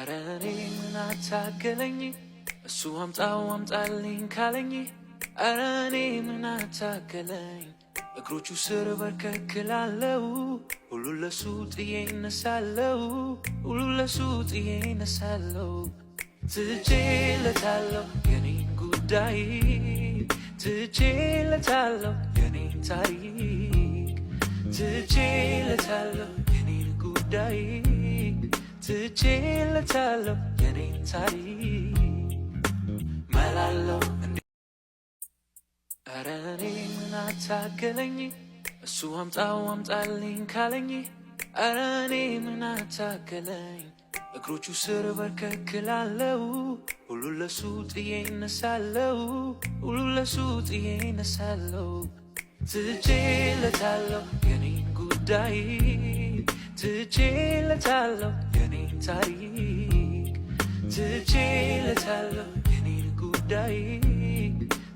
ኧረ እኔ ምን አታገለኝ እሱ አምጣው አምጣልኝ ካለኝ ኧረ እኔ ምን አታገለኝ እግሮቹ ስር በርከክላለው ሁሉ ለሱ ጥዬ እነሳለው ሁሉ ለሱ ጥዬ እነሳለው ትቼለታለው የኔን ጉዳይ ትቼለታለው የኔን ታሪክ ትቼለታለው የኔን ጉዳይ ትቼ ለቻለሁ የኔን እኔ ምን እሱ አምጣው አምጣልኝ ካለኝ ኧረ እኔ ምን እግሮቹ ስር በርከክላለው ሁሉ ለሱ ጥዬ እነሳለው ሁሉ ለሱ ጥዬ እነሳለው ትቼ የኔን ጉዳይ ትቼ ታሪክ ትቼለታለሁ የኔን ጉዳይ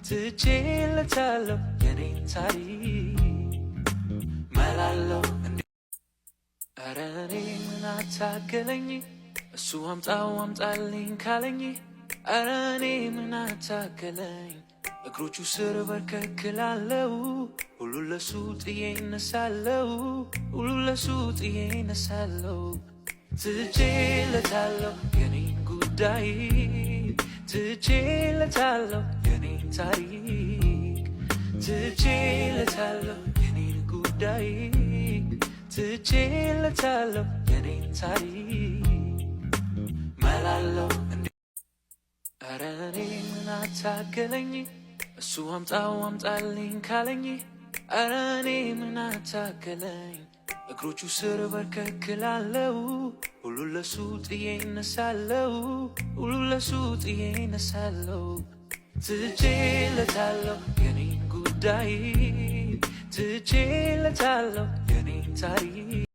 ትቼለታለሁ የኔን ታሪክ መላለሁ ኧረ እኔን አታገለኝ እሱ አምጣው አምጣልኝ ካለኝ እረ እኔ ምን አታገለኝ እግሮቹ ስር በርከክላለው ሁሉ ለሱ ጥዬ እነሳለው ሁሉ ለሱ ጥዬ እነሳለው ትቼለታለሁ የኔን ጉዳይ ትቼለታለሁ የኔን ታሪክ ትቼለታለሁ የኔን ጉዳይ ትቼለታለሁ የኔን ታሪክ መላለሁ ኧረ እኔ ምን አታገለኝ እሱ አምጣው አምጣልኝ ካለኝ ኧረ እኔ ምን አታገለኝ እግሮቹ ስር በርከክላለው ሁሉ ለሱ ጥዬ እነሳለው ሁሉ ለሱ ጥዬ እነሳለው ትቼለታለው የኔን ጉዳይ ትቼለታለው የኔን ታሪክ